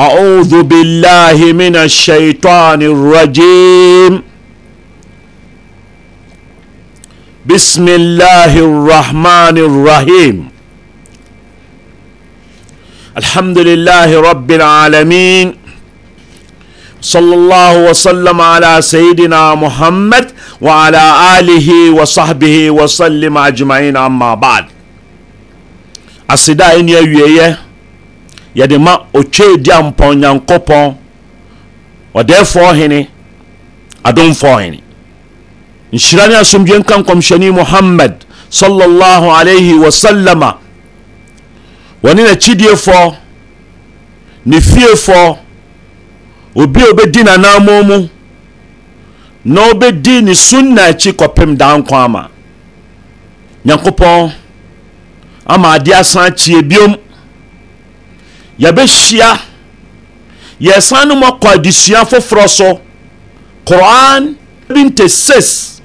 أعوذ بالله من الشيطان الرجيم بسم الله الرحمن الرحيم الحمد لله رب العالمين صلى الله وسلم على سيدنا محمد وعلى آله وصحبه وسلم أجمعين أما بعد أصدقائي يا yɛde ma otwee di ampɔn nyankopɔn ɔdɛɛfoɔ hene adomfoɔ hene nhyira ne asomdwe nka nkɔmhyɛni muhammad sallallahu alaihi wasallama wɔne n'akyidiefoɔ ne fiefoɔ obi a obɛdi n'anammɔ mu na obɛdi ne sunna akyi kɔpem daa nkwa ama nyankopɔn ama adeɛ asan kyie biom yɛbɛhyia yɛsan no mu akɔ adesua foforɔ so quran 26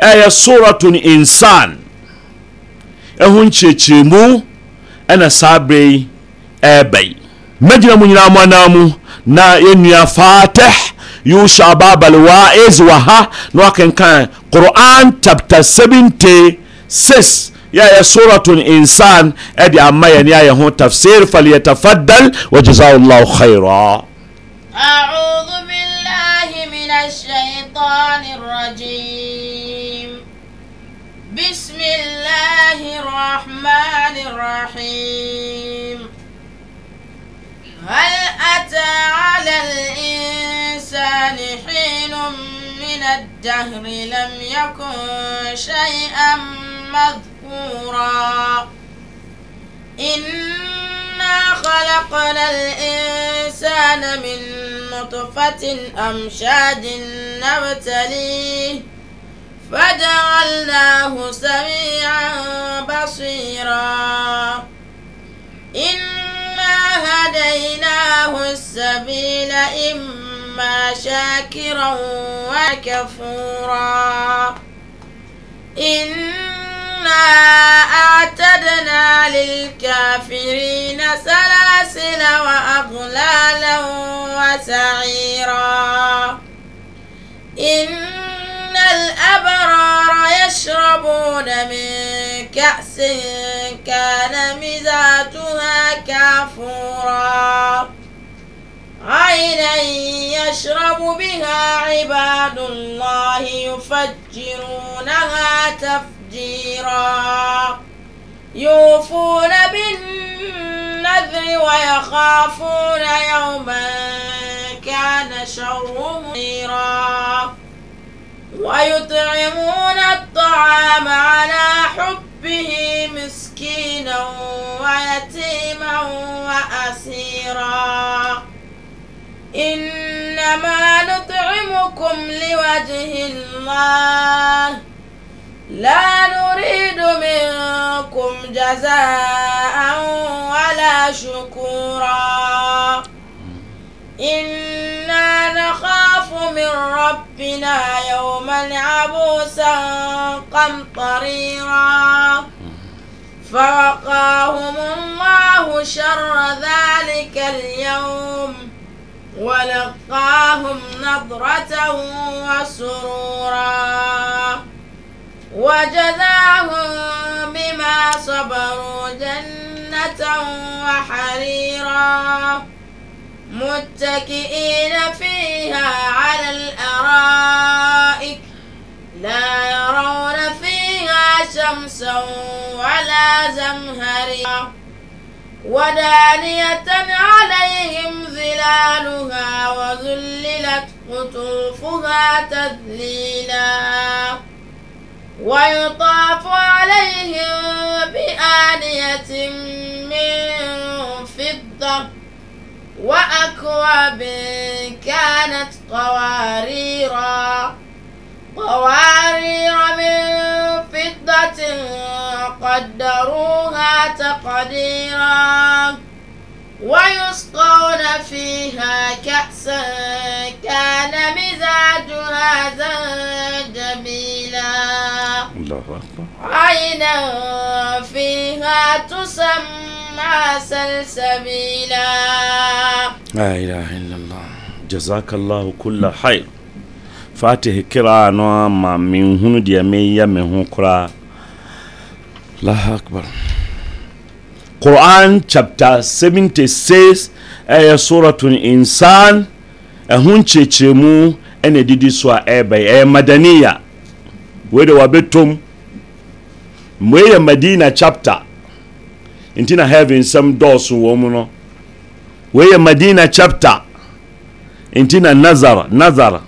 ɛyɛ suratun insan ɛho nkyerɛkyerɛmu ɛna saa berɛ yi ɛɛbɛyi mɛgyina mu nyinaa mo anaa mu na yɛnnua fatih yusha babal wa'iz wa ha na wakenkan quran chapter 76 yɛayɛ suratul insan ɛde ama yɛne ayɛ ho tafsir falyatafaddal wajazau llahu khaira أعوذ بالله من الشيطان الرجيم بسم الله الرحمن الرحيم هل أتى على الإنسان حين من الدهر لم يكن شيئا مذكورا شكورا إنا خلقنا الإنسان من نطفة أمشاج نبتليه فجعلناه سميعا بصيرا إنا هديناه السبيل إما شاكرا وكفورا إنا إنا أعتدنا للكافرين سلاسل وأغلالا وسعيرا إن الأبرار يشربون من كأس كان مزاجها كافورا عينا يشرب بها عباد الله يفجرونها تفجيرا تفجيرا يوفون بالنذر ويخافون يوما كان شره منيرا ويطعمون الطعام على حبه مسكينا ويتيما وأسيرا إنما نطعمكم لوجه الله لا نريد منكم جزاء ولا شكورا إنا نخاف من ربنا يوما عبوسا قمطريرا فوقاهم الله شر ذلك اليوم ولقاهم نضرة وسرورا وجزاهم بما صبروا جنة وحريرا متكئين فيها على الأرائك لا يرون فيها شمسا ولا زمهريرا ودانية عليهم ظلالها وذللت قطوفها تذليلا ويطاف عليهم بآنية من فضة وأكواب كانت قواريرا قوارير من فضة قدروها تقديرا ويسقون فيها كأسا كان مزاجها زنجبيلا الله أكبر عينا فيها تسمى سلسبيلا لا إله إلا الله جزاك الله كل خير فاتح كرا نوع ما من هنا دي ميا من هنا كرا الله أكبر Quran chapter 76 ɛyɛ suratul insan ɛho nkyerɛkyerɛmu ɛna ɛdidi so a ɛyɛ bɛyɛ ɛyɛ madaniya wei de wabɛtom mmue yɛ madina chapter nti na heaven nsɛm dɔɔso wɔ mu no wei yɛ madina chapter nti na nazar nazar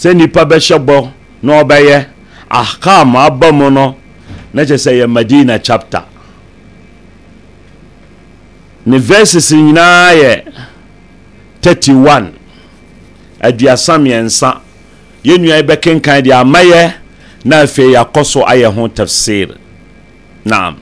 sɛ nipa bɛhyɛ bɔ na ɔbɛyɛ ahkam aba mu no na kyɛ sɛ yɛ madina chapter ne verses nyinaa yɛ 31 aduasa mmiɛnsa yɛnnua yɛbɛkenkan deɛ amayɛ na afei yɛakɔ so ayɛ ho tafsir naam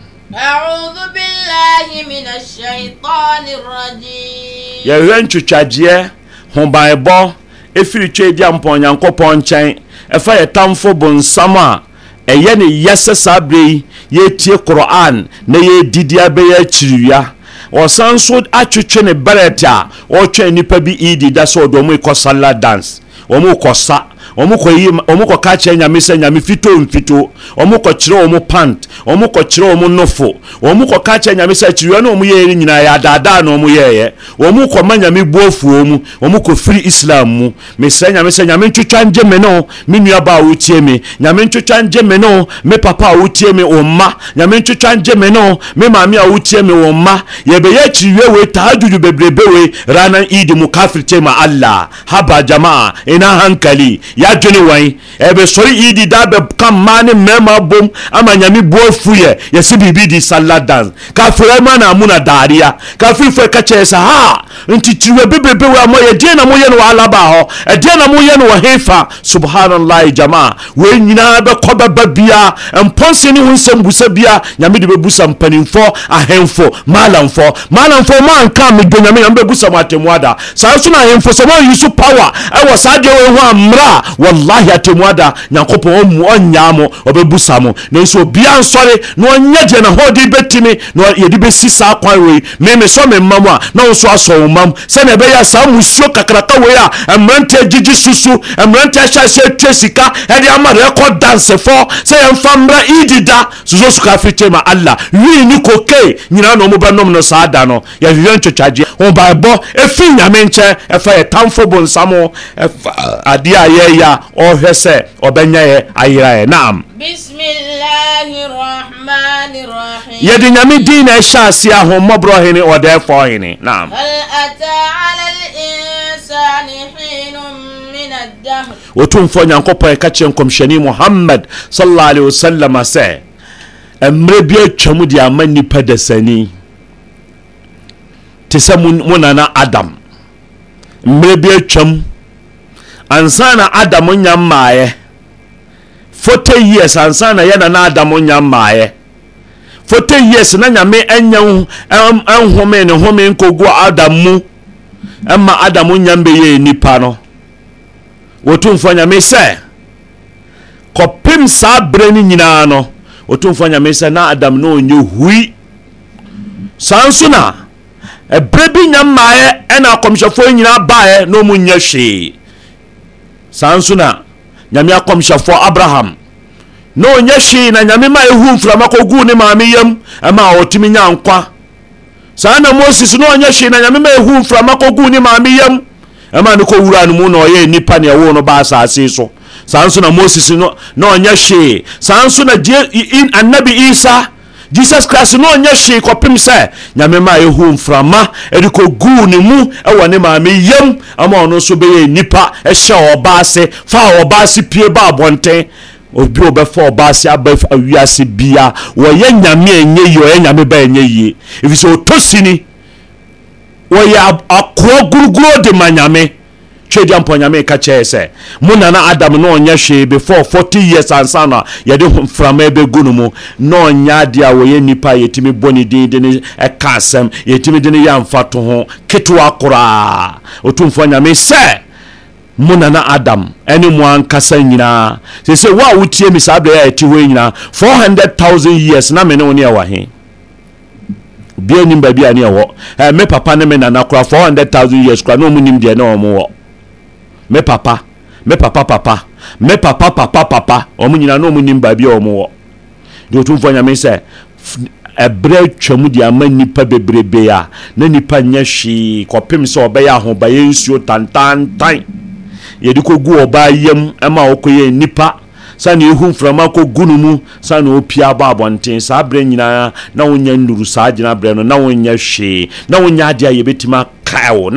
yɛhwɛ ntwitwagyeɛ hobanbɔ ɛfiri twa di a mpɔ nyankopɔn nkyɛn ɛfa yɛtamfo bonsam a ɛyɛ ne yɛ sɛ saa berɛ yi yɛtie koran na yɛdidi abɛyɛ akyiriwia ɔsan nso atwetwe ne bɛrɛt a ɔretwɛn nnipa bi idi da sɛ ɔde ɔmo ekɔ sala dance ɔmo kɔ sa ɔmo kɔ ka kyerɛ nyame sɛ nyame fito nfito, ɔmo kɔ kyerɛ ɔmo pant ɔmo kɔ kyerɛ ɔmo nofo ɔmo kɔ ka kyerɛ nyame sɛ kyiriwa na ɔmo yɛɛ no nyinaa yɛ adaadaa na ɔmo yɛɛyɛ ɔmo kɔ ma nyame buofuo mu ɔmo kɔ firi islam mu mesrɛ nyame sɛ nyame ntwitwa ngye me no me nuaba a wotie me nyame ntwitwa ngye me no me papa a wotie me wo mma nyame ntwitwa ngye me no me maame a wotie me wo mma yɛbɛyɛ kyiriwa wei taa dwudwu bebrebe wei rana idi mu kafir tema allah haba jamaa ina hankali ya adwene wɔn ɛ bɛsɔre yi di da bɛka mmaa ne mmarima bom ama nyame buo fu yɛ yɛsi biribi di salad dance kafiri ma na amu e na daarea kafiri fo ɛka kyerɛ sɛ ha ntitiriwe bebrebe wɔ amɔ yɛ deɛ na mo yɛ no wɔ alaba hɔ ɛdeɛ na mo yɛ no wɔ hefa subhanallah Jama. wei nyinaa bɛkɔ bɛba bia mpɔnse ne ho nsɛm busa bia nyame de busa mpanimfoɔ ahemfo maalamfoɔ maalamfoɔ ma anka medwo nyame nyame busa mo atemmu ada saa nso na ahemfo sɛ moayi so power ɛwɔ e saa deɛ wɔ ho ammra wallahi atemmu ada nyankopɔn ɔnyaa mo ɔbɛbu sa mo nanso obiaa nsɔre na ɔnyɛ deɛ nahoɔden bɛtumi na yɛde bɛsi saa kwan wei meme sɔ me mma mu a na wo nso asɔ wo mma mu sɛnea ɛbɛyɛ saa musuo kakraka wei a mmeranteɛ gyigyi susu mmeranteɛ hyɛ sɛ atwa sika ɛde ama rɛkɔ dansefɔ sɛ yɛmfa mmra idida soso suka afikyɛ ma allah wii ne koke nyinaa na ɔmobɛnom no saa da no yɛhwehwɛ ntwitwagyeɛ hobaebɔ ɛfiri nyame nkyɛn ɛfa yɛtamfo bonsam adeɛ a yɛyɛ deɛ a ɔhwɛ sɛ ɔbɛnyɛ yɛ ayera yɛ naam yɛde nyame din na ɛhyɛ ase ahommɔborɔ hene ɔdɛɛfɔ hene naam ɔtumfoɔ nyankopɔn ɛka kyerɛ nkɔmhyɛne muhammad sallallahu alaihi wasallam sɛ mmerɛ bi atwam de ama nnipa dasani te sɛ mo nana adam mmerɛ bi atwam ansa na adamu nya mmaayɛ forty years ansa na yɛ na na adamu nya mmaayɛ forty years na nyame ɛnyɛ ɛnhome ne home nkogu adamu ɛma adamu nya mbɛyɛ nipa no wɔtumfoɔ nyame sɛ kɔpem saa berɛ no nyinaa no wɔtumfoɔ nyame sɛ na adam na ɔnyɛ hui saa nso na ɛberɛ bi nya mmaayɛ ɛna akɔmhyɛfoɔ nyinaa baeɛ na ɔmu nyɛ hwee saa nso na nyame akɔmhyɛfoɔ abraham na ɔnyɛ hyee na nyame ma ɛhu mframa kɔgu ne maame yam ɛma ɔtumi nya nkwa saa na moses na ɔnyɛ hyee na nyame ma ɛhu mframa kɔguu ne maame yam ɛma ne kɔwura no mu na ɔyɛ nnipa ne ɛwo no baa asase so saa nso na moses na ɔnyɛ hyee saa nso na annabi isa jesus christ no ɔnyɛ hwee kɔpem sɛ nyame ma ɛhu mframa ɛde kɔguu ne mu ɛwɔ ne maame yam ama ɔno nso bɛyɛ nnipa ɛhyɛ ɔba fa ɔba pie ba abɔnten obi a ɔbɛfa ɔba ase aba awiase bia wɔyɛ nyame ɛnyɛ yie ɔyɛ nyame ba ɛnyɛ yie ɛfiri sɛ ɔtɔ sini wɔyɛ akoa guruguro de ma nyame twedia mpɔ nyame ka kyɛɛ sɛ mo nana adam na ɔnyɛ hwee before 40 years ansa na yɛde mframa bɛgu no mu na ɔnyɛ adeɛ a wɔyɛ nnipa a yɛtumi bɔ ne din de ne ɛka asɛm yɛtumi de ne yɛ amfa to ho ketewa koraa ɔtumfoɔ nyame sɛ mo nana adam ɛne mo ankasa nyinaa sɛ sɛ wo a wotie mi saa berɛ a ɛte hɔ nyinaa 400000 years na me ne wo ne eh, ɛwɔ he obiaa nim baabi a ne ɛwɔ me papa ne me nana kora 400000 years kora na ɔmu nim deɛ ne ɔmo wɔ me papa me papa papa me papa papa papa ɔmo nyinaa na ɔmo nim baabi a ɔmo wɔ deɛ otumfoɔ nyame sɛ ɛbrɛ twam de ama nipa bebrebe a na nipa nyɛ hwee kɔpem sɛ ɔbɛyɛ ahobayɛ nsuo tantantan yɛde kɔgu ɔbaa yam ma ɔkɔyɛ nipa sani ehu mframa kɔ gu no mu sani opia abɔ abɔnten saa berɛ nyinaa na wonyɛ nnuru saa gyina berɛ no na wonyɛ hwee na wonyɛ adeɛ a yɛbɛtumi akae wo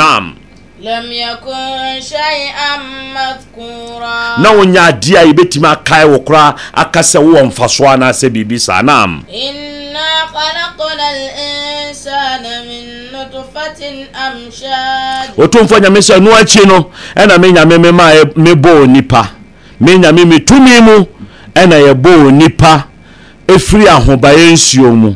lam yakun shay'an na wonya adeɛ a yɛbɛtumi akae wo koraa aka sɛ wowɔ mfasoɔ anaasɛ biribi saa nam inna khalaqna al-insana min nutfatin ɔtomfoɔ nyame sɛ ɛno akyi no ɛna me nyame ma mebɔɔ nipa me nyame metumi mu ɛna yɛbɔɔ nipa ɛfiri ahobaeɛ nsuo mu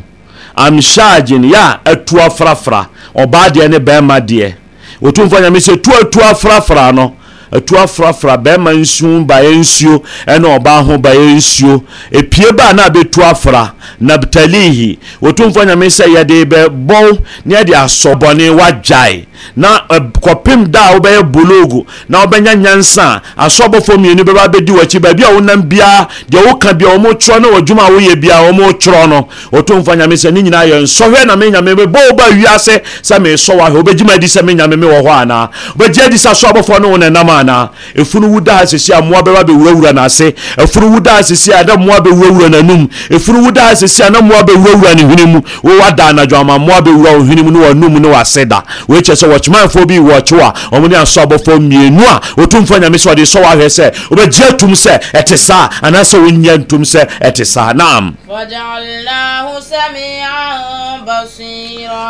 amhyɛ agyen yɛ a ɛtoa frafra ɔbaa deɛ ne bɛrima deɛ wɔtumfoɔ nyame sɛ tu atua frafra no atua eh, frafra bɛrima nsuo baeɛ nsuo ɛna ɔbaa ho baeɛ nsuo epie baa na abɛtu afra nabtalihi wɔtumfoɔ nyame sɛ yɛde bɛbɔw ne yɛde asɔbɔne wagyae na eh, kɔpem da a wobɛyɛ bologo na wobɛnya nyansa a asɔbɔfoɔ mmienu bɛba bɛdi w'akyi baabi a wonam biara deɛ woka bia ɔmo kyerɛ no wɔdwuma a woyɛ biara ɔmo kyerɛ no ɔtomfa nyame sɛ ne nyinaa yɛ nsɔhwɛ na me nyame mebɔ wo ba wiase sɛ meesɔ wahwɛ wobɛgyima adi sɛ me nyame me wɔ hɔ anaa wobɛgye adi sɛ asɔbɔfoɔ no wo ne anaa ɛfunu wo daa sɛsi a mmoa bɛba bɛwurawura n'ase ɛfunu wo daa sɛsi a na mmoa bɛwurawura n'anum ɛfunu wo daa sɛsi a na mmoa bɛwurawura ne hwene mu wowadaa anadwo ama mmoa bɛwura wo hwene mu ne wɔanum ne wɔase da woɛkyɛ sɛ sɛ wɔkyemanfoɔ bi wɔkye a ɔmo ne aso abɔfoɔ mmienu a ɔtumfoɔ nyame sɛ ɔde sɔ wɔ ahwɛ sɛ wobɛgye atum sɛ ɛte saa anaasɛ wonyɛ ntom sɛ ɛte saa nam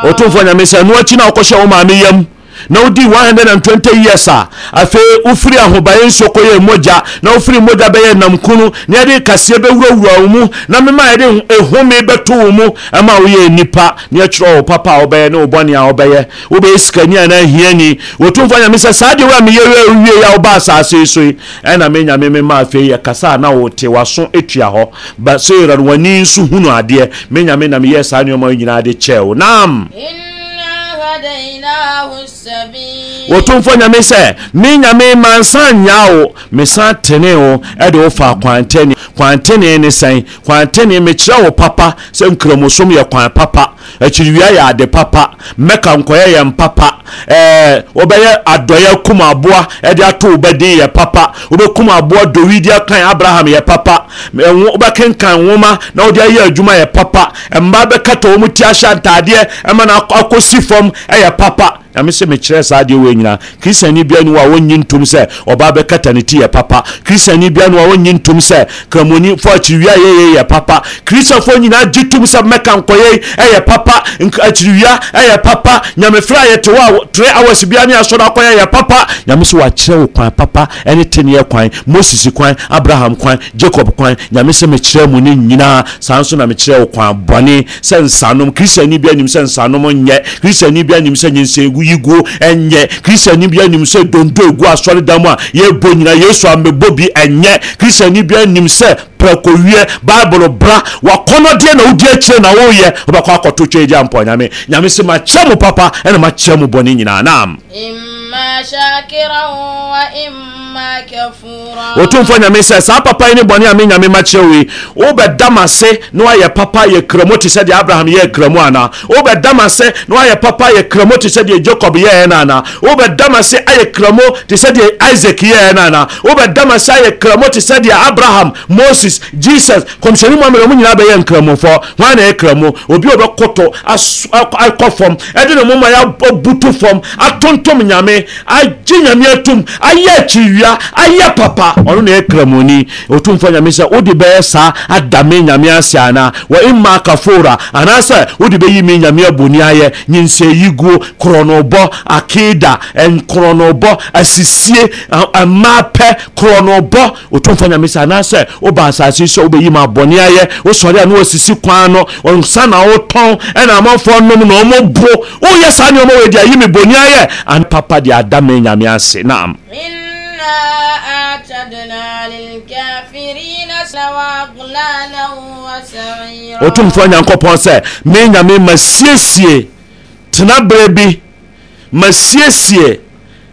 ɔtumfoɔ nyame sɛ ɛno akyi na wokɔhyɛ wo maame yam na wodi 120 years a afei wofiri ahobaeɛ nsuo kɔyɛ mogya na wofiri mogya bɛyɛ namkunu kunu na yɛde kaseɛ bɛwurawura wo mu na mema yɛde ehome bɛto wo mu ɛma woyɛ nipa na yɛkyerɛ wo papa a wobɛyɛ ne wo bɔne a wobɛyɛ wobɛyɛ sikani anaa hiani wɔtumfoɔ nyame sɛ saa deɛ wura meyɛ wie a woba asase so yi ɛna me nyame mema afei yɛkasa a na wote waso atua hɔ ba sɛ yɛra no w'ani nso hunu adeɛ me nyame na meyɛɛ saa nneɔma nyinaa de kyɛɛ wo nam وهديناه السبيل wɔtomfo nyame sɛ me nyame mansa nyaa wo mesan tene wo ɛde wo faa kwantene kwantene ne sɛn kwantene mekyerɛ wo papa sɛ nkramosom yɛ kwan papa akyiriwia yɛ ade papa mmɛka nkɔyɛ yɛ mpapa ɛɛ wɔbɛyɛ adɔyɛ kum aboa ɛde ato wo bɛden yɛ papa wobɛkum aboa dowidi akan abraham yɛ papa wobɛkenkan nwoma na wode ayɛ adwuma yɛ papa mmaa bɛkata wɔn ti ahyɛ ntaadeɛ ɛma no akɔsi fam ɛyɛ papa ɛme se mekyerɛ saa deɛ wɔ nyinaa kristani bia no a wɔnyi ntom sɛ ɔbaa bɛkata ne ti yɛ papa kristani bia no a wɔnyi ntom sɛ kramoni fo akyiriwia yɛyɛ yɛ papa kristofoɔ nyinaa gye tom sɛ mɛka nkɔyɛi ɛyɛ papa akyiriwia ɛyɛ papa nyamefrɛ a yɛte hɔ a tre hours bia ne asɔre no akɔyɛ yɛ papa nyame sɛ wakyerɛ wo kwan papa ɛne teneɛ kwan moses kwan abraham kwan jacob kwan nyame sɛ mekyerɛ mu ne nyinaa saa nso na mekyerɛ wo kwan bɔne sɛ nsanom kristani bia nim sɛ nsanom nyɛ kristani bia nim sɛ nyɛnsɛgu yi go ɛnyɛ kristiani bi anim sɛ dondo egu asɔredan mu a yɛbɔ nyina yesu amebɔ bi ɛnyɛ kristiani bi anim sɛ wie bible bra wakɔnɔdeɛ na wodi akyire na woyɛ wobɛkɔ akɔto twɛ gya mpɔ nyame nyame sɛ makyɛ mo papa ɛna makyɛ mo bɔne nyinaa nam Amen. ɔtomfo nyame sɛ saa papa yi ne bɔne a me nyame makyerɛ wei wobɛdam ase na woayɛ papa yɛ kramo te sɛdeɛ abraham yɛɛ kramo anaa wobɛdam ase na woayɛ papa yɛ kramo te sɛdeɛ jacob yɛɛ no anaa wobɛdam ase ayɛ kramo te sɛdeɛ isaac yɛɛ no anaa wobɛdam ase ayɛ kramo te sɛdeɛ abraham moses jesus kɔmhyɛne muammerɛ mu nyinaa bɛyɛ nkramofoɔ hwan na ɛyɛ kramo obi a wobɛkoto akɔ fam ɛde ne moma yɛabutu fam atontom nyame nyame agye nyame atom ayɛ akyiwia ayɛ papa ɔno na ɛkra mɔni ɔtumfoɔ nyame sɛ wode bɛyɛ saa adame nyame ase anaa wɔ imma kafora anaasɛ wode bɛyi me nyame aboni ayɛ nyinsɛyiguo korɔnobɔ akeda nkorɔnobɔ asisie mmapɛ korɔnobɔ ɔtumfoɔ nyame sɛ anaasɛ woba asase sɛ wobɛyi me abɔne ayɛ wosɔre a ne wasisi kwan no ɔnsa na wotɔn ɛna amanfoɔ nom na ɔmɔbo woyɛ saa nneɔma wɔadi ayi me boni ayɛ papa de ada me nyame ase naam ɔtumfoɔ nyankopɔn sɛ me nyame masiesie tenaberɛ bi masiesie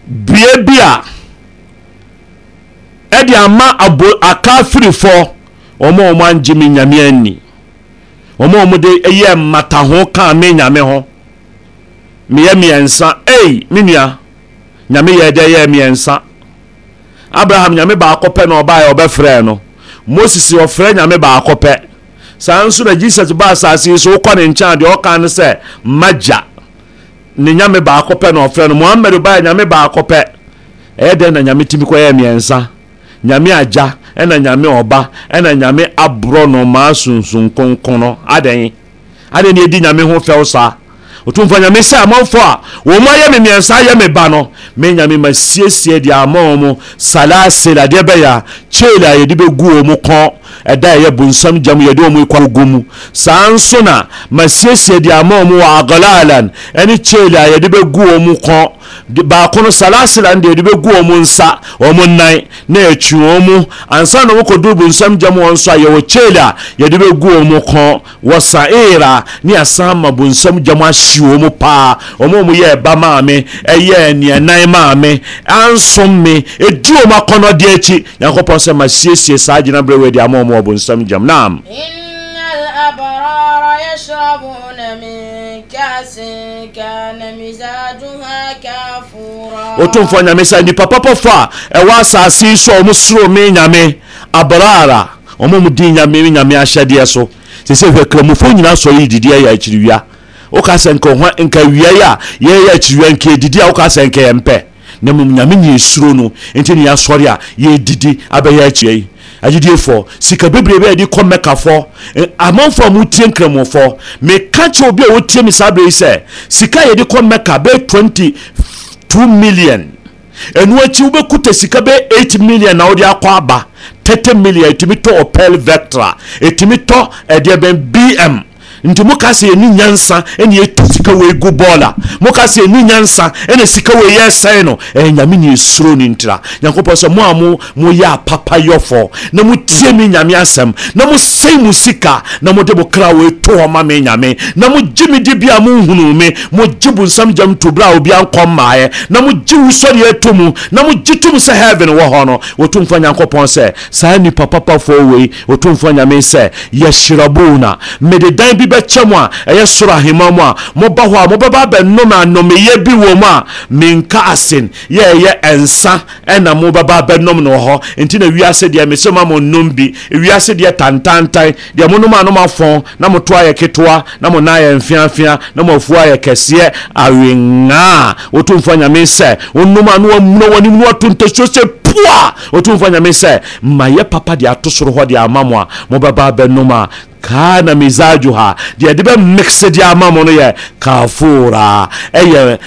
bie bi a ɛde ama abo akafirifoɔ wɔn a wɔn angye me nyame ani wɔn a wɔn de ɛyɛ mmataho kaa me nyame ho meyɛ mmiɛnsa ei me nua nyame yɛ dɛ yɛ mmiɛnsa abraham nyame baako pɛ na ɔbaeɛ ɔbɛfrɛ no moses ɔfrɛ nyame baako pɛ saa nso na jesus ba asase yi so wokɔ ne nkyɛn deɛ ɔka ne sɛ magya ne nyame baako pɛ na ɔfrɛ no mohammed baeɛ nyame baako pɛ ɛyɛ dɛn na nyame tumi kɔyɛ mmiɛnsa nyame agya ɛna nyame ɔba ɛna nyame aborɔ no maa sunsun konkono adɛn adɛn ne ɛdi nyame ho fɛw saa ɔtumfa nyame sɛ amanfo a wɔ mu ayɛ me mmiɛnsa ayɛ me ba no me nyame ma siesie deɛ ama wɔ mu salasel adeɛ bɛyɛ a kyele a yɛde bɛgu wɔ mu kɔn ɛda ɛyɛ bonsam gyam yɛde wɔ mu kɔ gu mu saa nso na ma siesie deɛ ama wɔ mu wɔ agalalan ɛne kyele a yɛde bɛgu wɔ mu kɔn baako no salasela no deɛ yɛde bɛgu wɔ nsa wɔ mu nan na yɛtwi wɔn mu ansa na wɔkɔduru bonsam gyam wɔn nso a yɛwɔ kyele a yɛde bɛgu wɔ mu kɔn wɔ saera ne asan ma bonsam gyam ahyɛ akyi wɔn mu paa wɔn mu yɛ ɛba maame ɛyɛ nneɛnan maame ansom me edu wɔn akɔnɔ deɛ akyi nyankopɔn sɛ ma siesie saa gyinabere wei de ama wɔn wɔ bonsam gyam naam. الأبرار يشربون من كأس كان مزاجها كافورا وتنفع نعمي سيدي بابا بابا أواسا سيسو مسرو مين ɔmo mu di nyame nyame ahyɛdeɛ so sɛ sɛ hwɛkramufo nyinaa sɔre didi ayɛ akyiriwia woka sɛ nka ɔhwa nka wiai a yɛyɛ akyiriwa nka yɛdidi a woka sɛ nka yɛmpɛ na mmom nyame nyɛ suro no nti ne a yɛdidi abɛyɛ akyia yi agyidiefoɔ sika bebree bɛ yɛde kɔ mɛkafoɔ e, amanfoɔ a motie nkramofoɔ meka kyɛ obi a wɔtie me saa berɛ yi sɛ sika yɛde kɔ mɛka bɛyɛ 22 million ɛno akyi wobɛkuta sika bɛyɛ 8 million na wode akɔ aba 30 million ɛtumi tɔ opel vectra ɛtumi tɔ ɛdeɛ bɛn bm nti moka sɛ yɛni nyansa ɛne yɛtu sika wei gu bɔɔla moka sɛ yɛni nyansa ɛne sika wei yɛ sɛe no ɛyɛ e, nyame ne ɛsuro ni ntira nyankopɔn sɛ mo a mo moyɛ apapa yɔfɔ na tie mi nyame asɛm na mosɛe mo sika na mode mo kra wei to hɔ ma mi nyame na mogye me di bia monhunu me mogye bo nsam gyam to berɛ a obia nkɔ mmaeɛ na mogye wo sɔreɛ to mu na mogye tom sɛ heaven wɔ hɔ no wɔtomfoɔ nyankopɔn sɛ saa nnipa papafoɔ wei wɔtomfoɔ nyame sɛ yɛhyerɛboo na mede dan bi bɛkyɛ mo a ɛyɛ soro ahema mu a mobɔ hɔ a mobɛba abɛnom anomeyɛ bi wɔ mu a menka asen yɛɛyɛ ɛnsa ɛna mobɛba abɛnom no wɔ hɔ nti na wiase deɛ mesɛ ma mo nom bi wiase deɛ tantantan deɛ monom anom afɔn na moto ayɛ ketewa na mo nan mfeafea na mo ayɛ kɛseɛ awengaa wɔtomfoɔ nyame sɛ wonom ano wamuna w'anim no wato ntasuo sɛ poa ɔtumfoɔ nyame sɛ ma papa deɛ ato soro hɔ deɛ ama mo a mobɛba abɛnom a Kana mizajuha, misageo ha deɛ ɛde bɛmixedeɛ ama en e ye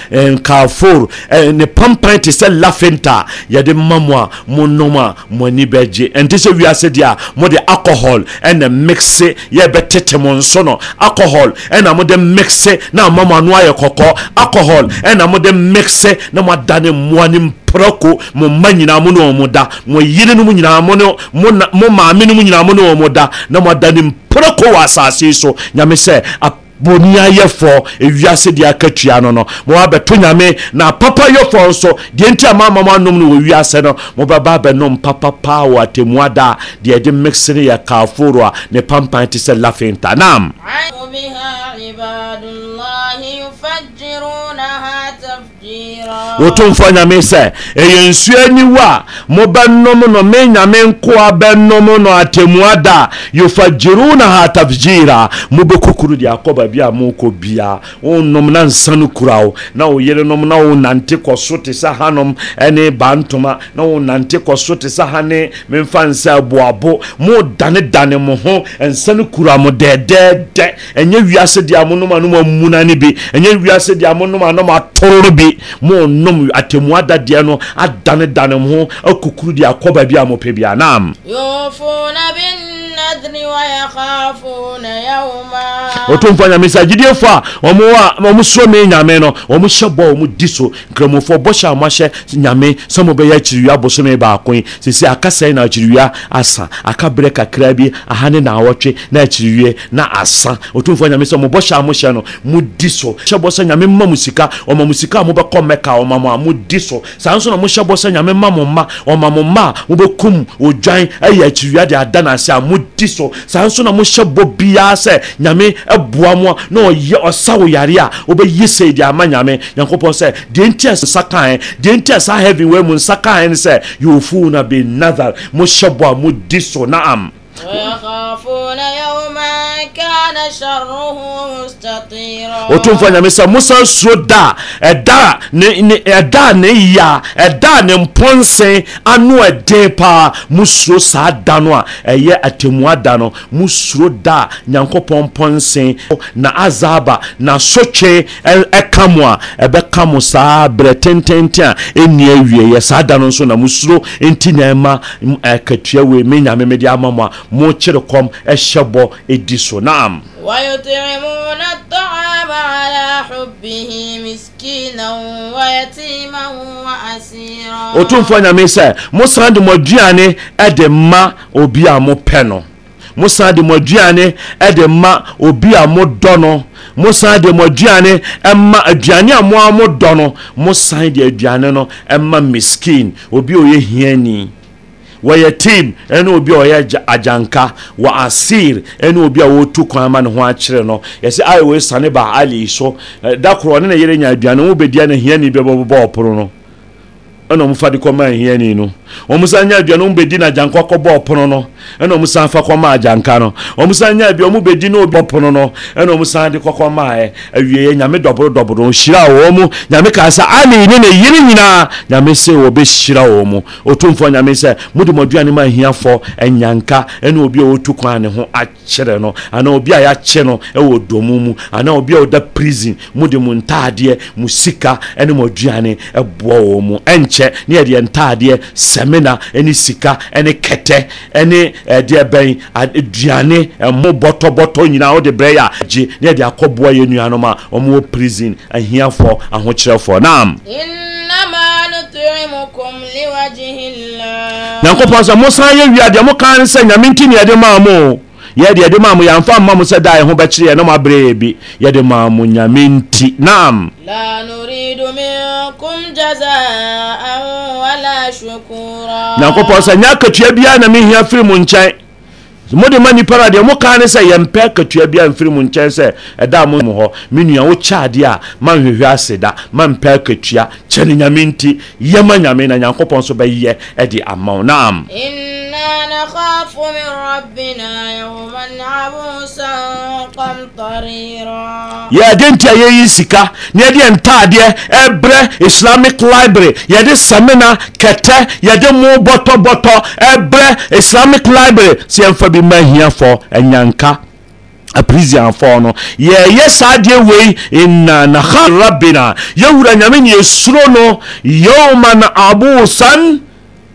en ya kafor ne pampan lafenta yɛde de mamwa monoma monom a mo ani bɛgye ɛnti en a alcohol mixe ye mo mon alcohol ɛna de mixe na ama mo koko, alcohol ɛna mixe na moadane mmoa no prako mo mma nyinaa mo ne ɔ mo da mo yere no muno mo maame no mo nyinaa mo mo da na moada ɔpere kɔ wɔ asase yi so nyame sɛ boni ayɛfoɔ ewiase deɛ aka no no mo abɛto nyame na papa yɛfoɔ nso deɛ nti a maama mo anom no wɔ wiase no mobɛba abɛnom papapa wɔ atemmu ada a deɛ ɛde mixe no yɛ kaaforo a ne pampan te sɛ lafenta nam wɔtomfo nyame sɛ ɛyɛ nsuo aniwu a mobɛnom no me nyame nkoa bɛnom no atemmua da yufagiruna ha tafgyira mobɛkukuru deɛ akɔ baabi a mokɔ biaa wonnom na nsa no kura wo na wo yerenom na wonante kɔ so te sɛ hanom ne bantoma na wonante kɔ so te sɛ ha ne memfa nsa aboabo modane dane mo ho nsa no kura mo dɛɛdɛɛdɛ ɛnyɛ wiase di a monom a nom amuna ne bi ɛnyɛ wiase deɛ monom anom atoro no bi monom atemu adadeɛ no adanedane mo ho akukuru deɛ akɔ baabi a mopɛ bia nam ɔtomfa nyame sɛ agyidiefo a ɔmo suro me nyame no ɔmo hyɛ bɔ ɔmo di so nkramofoɔ bɔhyɛ a moahyɛ nyame sɛ mobɛyɛ akyiriwia bosome baako yi sɛsi aka sɛe na akyiriwia asa aka berɛ kakra bi aha ne naawɔtwe na akyiriwie na asa ɔtomfa nyame sɛ mo a mohyɛ no modi so hyɛ bɔ sɛ nyame ma mo sika ɔma mo sika a mobɛkɔ mɛka ɔma mo a modi so saa nso na mohyɛ bɔ sɛ nyame ma mo mma ɔma mo mma a mobɛkum odwan ayɛ akyiriwia de ada no ase a modi di so saa nso na mohyɛ bɔ biara sɛ nyame boa mo na ɔyɛ ɔsa wo yare a wobɛyi sei de ama nyame nyankopɔn sɛ deɛ nti a nsa kae deɛ nti a saa heaven wei mu nsa kae ne sɛ yɛwɔ na bi nazar mohyɛ bɔ a modi so na am ɔtumfoɔ nyame sɛ mosa suro da a ɛda a ne ya ɛda a ne mpɔnsen ano ɛden paa mosuro saa da no a ɛyɛ atemmua da no mosuro da a nyankopɔn mpɔnsen na azaba na sotwe ɛka mo a ɛbɛka mo saa berɛ tententen a ɛnni awieɛ saa da no nso na mosuro nti na ɛma ɛkatua wei me nyame mede ama mo a mo kyerɛ kɔm ɛhyɛ bɔ ɛdi so naam ويطعمون nyame sɛ mosan de mo aduane ɛde ma obi a mopɛ no mosan de mo aduane ɛde ma obi a modɔ no mosan de mo aduane ɛma aduane a mo a modɔ no mosan de aduane no ɛma miskin obi a ɔyɛ hiani wɔyɛ team ɛne obi a ɔyɛ agyanka wɔ asir ɛne obi a wɔtu kwan ma ne ho akyerɛ no yɛsɛ ayɛ wei sane ba ali so da korɔ ne ne yere nya aduane wo ne hiani bɛbɔbɔ ɔpono no ɛna ɔmo fa de kɔma ahiani no ɔmo san nya aduane ɔmo bedi na agyanka kɔbɔ ɔpono no ɛna ɔmo san fa kɔma agyanka no ɔmo san nya aduane ɔmo bedi na obi ɔpono no ɛna ɔmo san de kɔkɔma ayɛ awie nyame dɔboro dɔboro nhyira wɔn mu nyame kaa ani ne ne yiri nyinaa nyame se wɔ bɛ hyira wɔn mu otumfo nyame sɛ mo de mo aduane ma ahiafo ɛnyanka ɛna obi a otu kwan ne ho akyerɛ no ana obi a yakyɛ no ɛwɔ domu mu ana obi a ɔda prison mo de mo ntaadeɛ mo sika ɛne mo aduane ɛboa wɔn mu ɛnky kyɛ ne yɛde ntaadeɛ sɛmina ne sika ne kɛtɛ ne ɛdeɛ eh, bɛn aduane ɛmo eh, bɔtɔbɔtɔ nyinaa wode brɛ yɛ a gye ne yɛde akɔboa yɛ nuanom a ɔmowɔ prison ahiafoɔ ahokyerɛfoɔ nam nyankopɔn sɛ mosan yɛ wie adeɛ moka ne sɛ nyame nti ne yɛde maa mo yɛde yɛde maa mo yɛmfa mma mo sɛ da ɛho bɛkyerɛ yɛ na mo aberɛ yɛ bi yɛde maa mo nyame nti nam La lakum jazaan wala shukura nyankopɔn sɛ nyɛ akatua biara na mehia firi mu nkyɛn mode ma nnipa no deɛ moka ne sɛ yɛmpɛ akatua biara mfiri mu nkyɛn sɛ ɛda mo mu hɔ me nua wo kyaadeɛ a manhwehwɛ ase da mampɛ akatua kyɛ ne nyame nti yɛma nyame na nyankopɔn nso bɛyɛ de ama wo naam نخاف من ربنا يوما عبوسا قمطريرا يا دنت يا يسكا نيدي أنتادي إبرة إسلاميك لايبرري يدي سمينا كتة يدي مو بطو بطو إبرة إسلاميك لايبرري سينفا بما هي فو أنيانكا aprisianfoɔ no yɛyɛ saa deɛ wei inna uh, naha rabbina yɛwura nyame ne yɛsuro no yauman abusan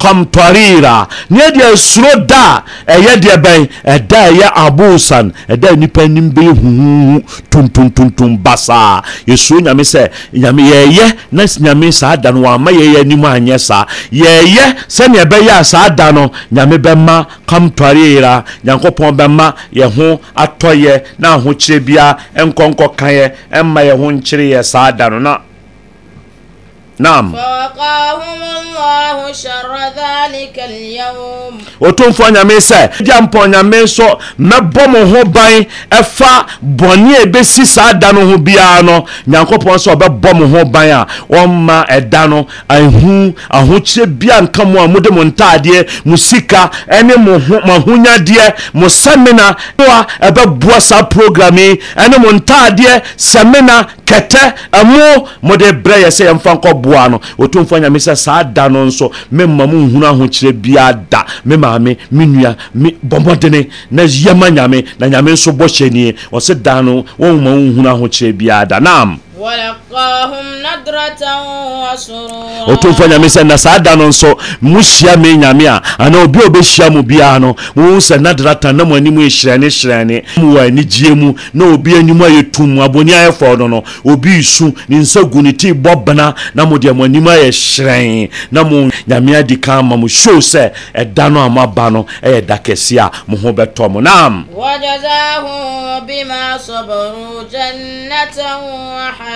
kamtarira neɛ deɛ suro da a ɛyɛ deɛ bɛn ɛda a ɛyɛ abosan ɛda a nipa nim bɛyɛ huhuhu tuntuntuntum basaa yɛsuro nyame sɛ nyame yɛɛyɛ na nyame saa da no wama yɛyɛ anim anyɛ saa yɛɛyɛ sɛneɛ ɛbɛyɛ a saa da no nyame bɛma kamtarira nyankopɔn bɛma yɛ ho atɔyɛ na ahokyerɛ biara ɛnkɔnkɔkaeɛ ɛmma yɛ ho nkyereyɛ saa da no na naam. faqahumullahu sharra dhalika al-yawm. otumfo nyame sɛ gya mpɔ nyame nso mɛbɔ mo ho ban ɛfa bɔne a ebesi saa da no ho biara no nyankopɔn sɛ ɔbɛbɔ mo ho ban a ɔmma ɛda no ahu ahokyerɛ bi a nka mo a mode mo ntaadeɛ mo sika ɛne mo ahonyadeɛ mo sɛmina a ɛbɛboa saa program yi ɛne mo ntaadeɛ sɛmina kɛtɛ ɛmo mode brɛ yɛ sɛ yɛmfa nkɔboa ahoa no ɔtumfoɔ nyame sɛ saa da no nso memma mo nhunu ahokyerɛ biara da me maame me nua me bɔmmɔdene na yɛma nyame na nyame nso bɔhyɛ nie ɔse da no wɔmma wo nhunu ahokyerɛ biara da naam ɔtomfo nyame sɛ na saa da no nso mohyia me nyame a anaa obi a ɔbɛhyia mu biara no wohu sɛ nadrata na mo anim yɛ e hyerɛne hyerɛne wɔ anigyeɛ mu na obi anim ayɛ tum abɔni ayɛ fɔɔ no no obi su ne nsa gu ne tii bɔ bena na modeɛ mo anim ayɛ hyerɛn na mo nyame adi ka ama mo show sɛ ɛda no a moaba no ɛyɛ da kɛse a mo ho bɛtɔ mo nam وجزاهم بما صبروا جنة وحريرا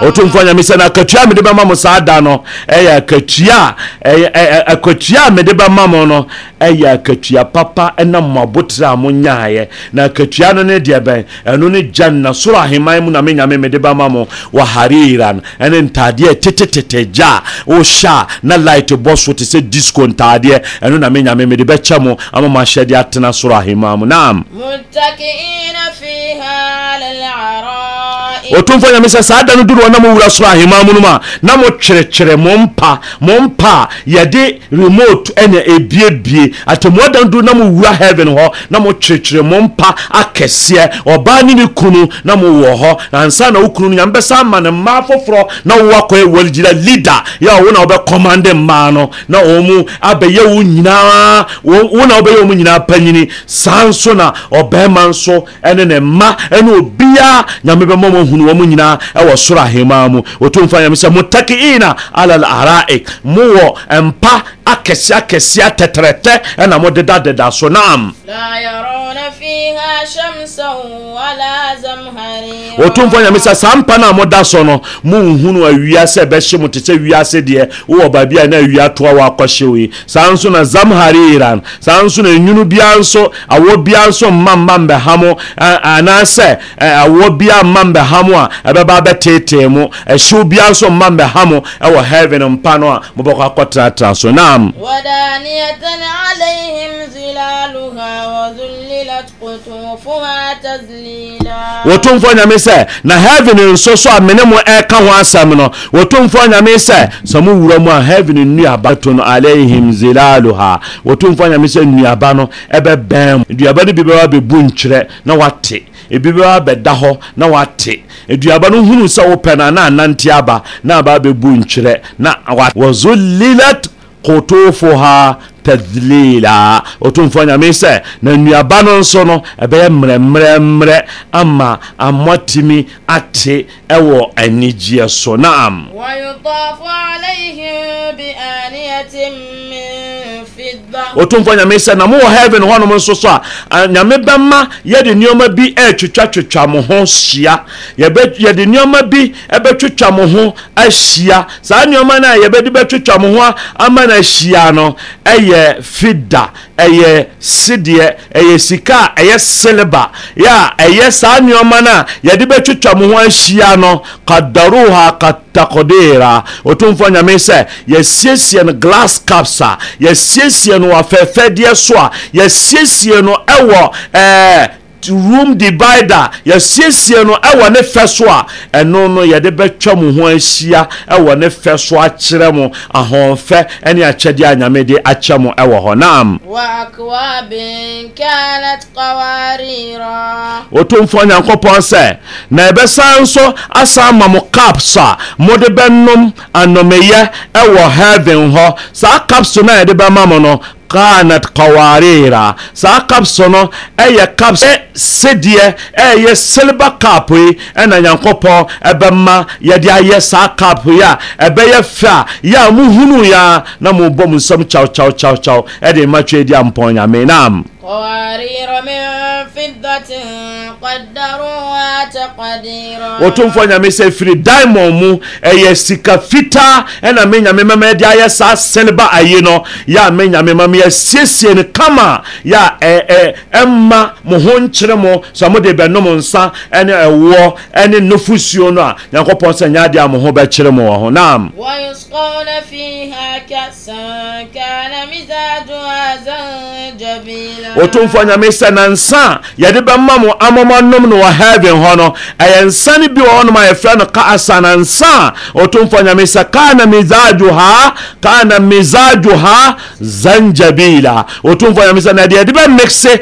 ɔtumfoɔ nyame sɛ no akatua mede bɛma mo saa da no ɛyɛ akatua akatua a mede bɛma mo no ɛyɛ akatua papa ɛna mmoabotere a nyaeɛ na akatua no ne deɛ bɛn ɛno ne gyanna soro aheman mu na me nyame mede bɛma mo wɔ hariran ɛne ntadeɛ tetetete gya a wohyɛ a na light bɔ so te sɛ disco ntadeɛ ɛno na me nyame mede bɛkyɛ mo ama mo ahyɛde atena soro aheman mu naam ɔtumfoɔ nyame sɛ saa da no duru na mowura soro ahema mu no mu a na mokyerɛkyerɛ mo mpa mo mpa yɛde remote ɛne ebiebie atemmoa da no duru na mowura heaven hɔ na mo mokyerɛkyerɛ mo mpa akɛseɛ ɔbaa ne ne kunu na mowɔ hɔ ansa na wo kunu no nyame bɛsa ama ne mmaa foforɔ na wowɔ akɔyɛ wɔlegyina leader yɛ wo na wobɛkɔmande mmaa no na wɔn mu abɛyɛ wo nyinaa wo na wobɛyɛ wɔn nyinaa panyini saa nso na ɔbɛrima nso ɛne ne mma ɛne obiara nyame bɛma mo ahu hunu wɔn nyinaa ɛwɔ soro ahema mu wɔtumfa nyame sɛ mutakiina alal araik mowɔ mpa akɛseɛ akɛseɛ tɛtɛrɛtɛ ɛna mo deda deda so naam. otumfo nyame sɛ saa mpa no a moda so no monhunu awia sɛ ɛbɛhye mo te sɛ wiase deɛ wowɔ baabi a na awia toa wɔ akɔhyew yi saa nso na iran saa nso na nwunu biara nso awɔ biara nso mma mma mbɛha mo anaasɛ awɔ biara mma mbɛha mo a ɛbɛba bɛtetee mo ɛhyew biara nso mma mbɛha mo ɛwɔ heaven mpa no a mobɛkɔ akɔtenatena so naam نعم ودانية عليهم ظلالها وذللت قطوفها تذليلا وتنفو نعمي سي نا heaven nso so a mene mu ɛka ho asɛm no wɔtomfoɔ nyame sɛ sɛ wura mu a heaven nnuaba to no alaihim zilaluha wɔtomfoɔ nyame sɛ nnuaba no ɛbɛbɛn mu nnuaba no bi bɛwa bɛbu nkyerɛ na wate ebi bɛwa bɛda hɔ na wate aduaba no hunu sɛ wopɛ no a na anante aba na aba bɛbu nkyerɛ na wate wɔzulilat kotofoha tadlila ɔtomfoɔ nyame sɛ na nnuaba no nso no ɛbɛyɛ mmerɛmmerɛmmerɛ ama ammatumi ate ɛwɔ anigyeɛ so naam ɔtomfoɔ nyame sɛ na mowɔ heaven hɔnom nso so a nyame bɛma yɛde nneɔma bi ɛɛtwitwatwitwa mo ho hyia yɛde nneɔma bi ɛbɛtwitwa mo ho ahyia saa nneɔma no a yɛbɛde bɛtwitwa mo ho ama no ahyia no ɛyɛ fida ɛyɛ sideɛ ɛyɛ sika a ɛyɛ silba yɛ a ɛyɛ saa nneɔma no a yɛde bɛtwitwa mo ho ahyia no kadaruha katakodera ɔtomfoɔ nyame sɛ yɛsiesie no glass caps a yɛsiesie yɛsiesie no wɔ afɛɛfɛdeɛ so a yɛsiesie no ɛwɔ ɛɛ room divider yɛsiesie no ɛwɔ ne fɛ so a ɛno no yɛde bɛtwa mo ho ahyia ɛwɔ ne fɛ so akyerɛ mo ahoɔfɛ ɛne akyɛdeɛ a nyame de akyɛ mo ɛwɔ hɔ nam ɔtomfoɔ nyankopɔn sɛ na ɛbɛsan nso asan ma mo caps a mode bɛnom anomeyɛ ɛwɔ heaven hɔ saa caps no a yɛde bɛma mo no kanat kawareera saa cups no ɛyɛ cups ɛ sedeɛ ɛyɛ silver cup yi ɛna nyankopɔn ɛbɛma yɛde ayɛ saa cup yi a ɛbɛyɛ fɛ a yɛ a muhunu yɛ na mobɔ mu nsɛm kyawkyawkyawkyaw ɛde mmatwa di ampɔn nyame nam قوارير من فضة قدروها تقديرا وتم فانيا ميسا فري دايمون مو اي سيكا فتا انا مين يا ميما ميدي سا سنبا اينا يا مين يا ميما ميا سيسين كما يا اما مهون چرمو سامو دي بنو منسا انا اوو انا نفوسيونا نانكو پونسا نيا دي امهو بچرمو وحو نام ويسقون فيها كأسا كان مزاجها زنجبيلا ɔtomfoɔ nyame sɛ na nsa a yɛde bɛma mo nom no wɔ heaven hɔ no ɛyɛ nsa no bi wɔ hɔnom a yɛfrɛ no kaasa na nsa a ɔtomfoɔ nyame sɛ kana ha kana ha zanjabila ɔtomfoɔ nyame sɛ na deɛ yɛde bɛmikse